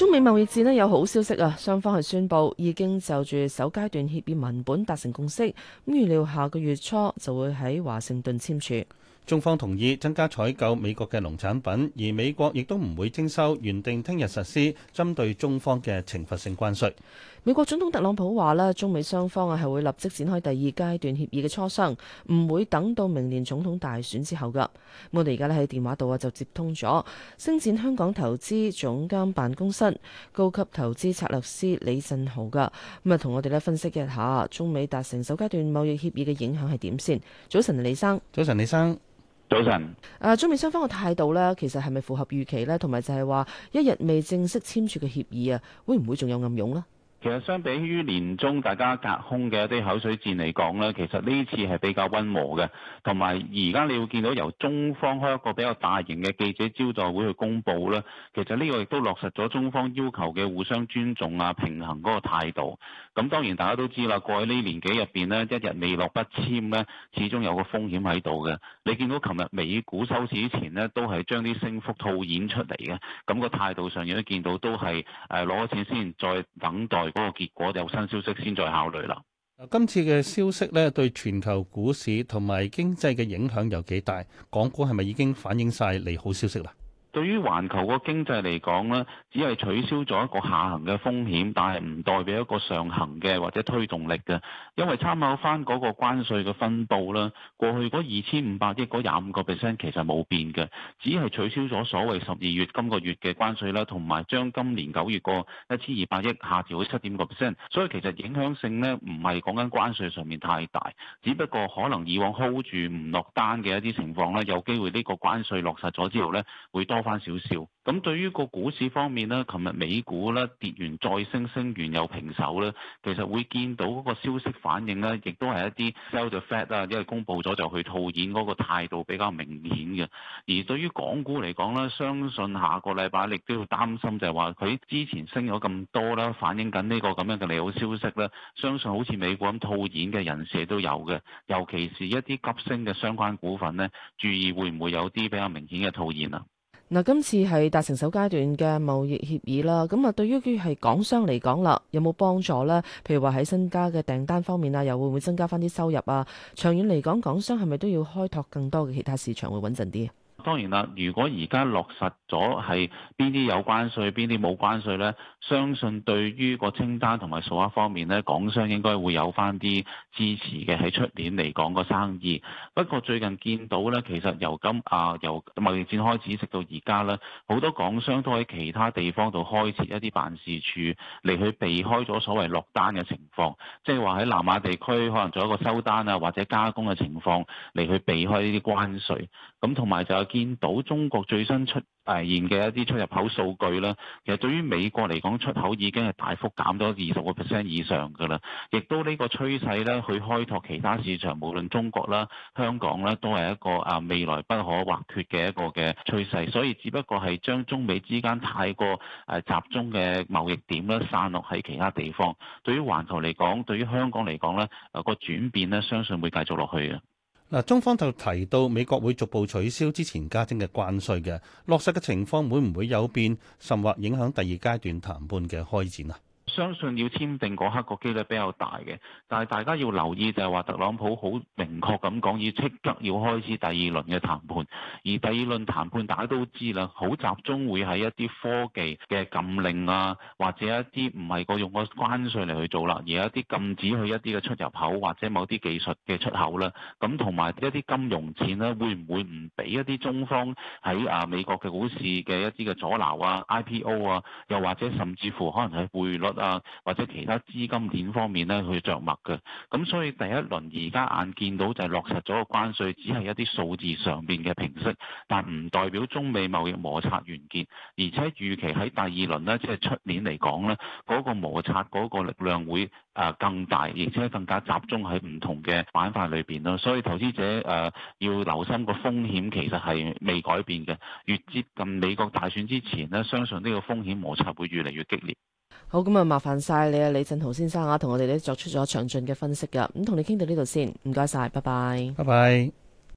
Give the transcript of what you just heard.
中美貿易戰呢有好消息啊！雙方係宣布已經就住首階段協議文本達成共識，咁預料下個月初就會喺華盛頓簽署。中方同意增加採購美國嘅農產品，而美國亦都唔會徵收原定聽日實施針對中方嘅懲罰性關稅。美國總統特朗普話咧，中美雙方啊係會立即展開第二階段協議嘅磋商，唔會等到明年總統大選之後㗎。我哋而家咧喺電話度啊就接通咗星展香港投資總監辦公室高級投資策略師李振豪噶。咁啊同我哋咧分析一下中美達成首階段貿易協議嘅影響，係點先。早晨李生。早晨，李生。早晨。啊，中美雙方嘅態度咧，其實係咪符合預期咧？同埋就係話，一日未正式簽署嘅協議啊，會唔會仲有暗湧咧？其實相比於年中大家隔空嘅一啲口水戰嚟講呢，其實呢次係比較溫和嘅，同埋而家你會見到由中方開一個比較大型嘅記者招待會去公布呢，其實呢個亦都落實咗中方要求嘅互相尊重啊、平衡嗰個態度。咁當然大家都知啦，過去年紀呢年幾入邊咧，一日未落筆簽呢，始終有個風險喺度嘅。你見到琴日美股收市之前呢，都係將啲升幅套現出嚟嘅，咁個態度上亦都見到都係誒攞咗錢先，再等待。嗰個結果有新消息先再考慮啦。今次嘅消息咧，對全球股市同埋經濟嘅影響有幾大？港股係咪已經反映晒利好消息啦？對於環球個經濟嚟講呢，只係取消咗一個下行嘅風險，但係唔代表一個上行嘅或者推動力嘅，因為參考翻嗰個關稅嘅分佈啦，過去嗰二千五百億嗰廿五個 percent 其實冇變嘅，只係取消咗所謂十二月今個月嘅關稅啦，同埋將今年九月個一千二百億下調到七點個 percent，所以其實影響性呢唔係講緊關稅上面太大，只不過可能以往 hold 住唔落單嘅一啲情況呢，有機會呢個關稅落實咗之後呢，會多。多翻少少咁，對於個股市方面呢，琴日，美股咧跌完再升，升完又平手咧，其實會見到嗰個消息反應呢，亦都係一啲 sell the fact 啊，因為公布咗就去套現嗰個態度比較明顯嘅。而對於港股嚟講呢，相信下個禮拜亦都要擔心就，就係話佢之前升咗咁多啦，反映緊呢個咁樣嘅利好消息呢。相信好似美股咁套現嘅人士都有嘅，尤其是一啲急升嘅相關股份呢，注意會唔會有啲比較明顯嘅套現啊？嗱，今次係達成首階段嘅貿易協議啦，咁啊對於於係港商嚟講啦，有冇幫助咧？譬如話喺新加嘅訂單方面啊，又會唔會增加翻啲收入啊？長遠嚟講，港商係咪都要開拓更多嘅其他市場會穩陣啲？當然啦，如果而家落實咗係邊啲有關稅、邊啲冇關稅呢？相信對於個清單同埋數額方面呢，港商應該會有翻啲支持嘅喺出年嚟講個生意。不過最近見到呢，其實由今啊由貿易戰開始，直到而家呢，好多港商都喺其他地方度開設一啲辦事處嚟去避開咗所謂落單嘅情況，即係話喺南亞地區可能做一個收單啊，或者加工嘅情況嚟去避開呢啲關稅。咁同埋就有。見到中國最新出出現嘅一啲出入口數據啦，其實對於美國嚟講，出口已經係大幅減咗二十個 percent 以上㗎喇。亦都呢個趨勢咧，去開拓其他市場，無論中國啦、香港啦，都係一個啊未來不可或缺嘅一個嘅趨勢。所以，只不過係將中美之間太過誒集中嘅貿易點咧，散落喺其他地方。對於環球嚟講，對於香港嚟講咧，呢個轉變咧，相信會繼續落去嘅。中方就提到美國會逐步取消之前加徵嘅關稅嘅，落實嘅情況會唔會有變，甚或影響第二階段談判嘅開展？相信要簽訂嗰刻個機率比較大嘅，但係大家要留意就係話特朗普好明確咁講要即刻要開始第二輪嘅談判，而第二輪談判大家都知啦，好集中會喺一啲科技嘅禁令啊，或者一啲唔係個用個關稅嚟去做啦，而一啲禁止佢一啲嘅出入口或者某啲技術嘅出口啦，咁同埋一啲金融錢呢，會唔會唔俾一啲中方喺啊美國嘅股市嘅一啲嘅阻撓啊、IPO 啊，又或者甚至乎可能係匯率啊？或者其他資金鏈方面咧去着墨嘅，咁所以第一輪而家眼見到就係落實咗個關稅，只係一啲數字上邊嘅平息，但唔代表中美貿易摩擦完結，而且預期喺第二輪呢，即係出年嚟講呢，嗰個摩擦嗰個力量會誒更大，而且更加集中喺唔同嘅板塊裏邊咯。所以投資者誒要留心個風險，其實係未改變嘅，越接近美國大選之前呢，相信呢個風險摩擦會越嚟越激烈。好咁啊，麻煩晒你啊，李振豪先生啊，同我哋咧作出咗詳盡嘅分析噶。咁同你傾到呢度先，唔該晒，拜拜，拜拜。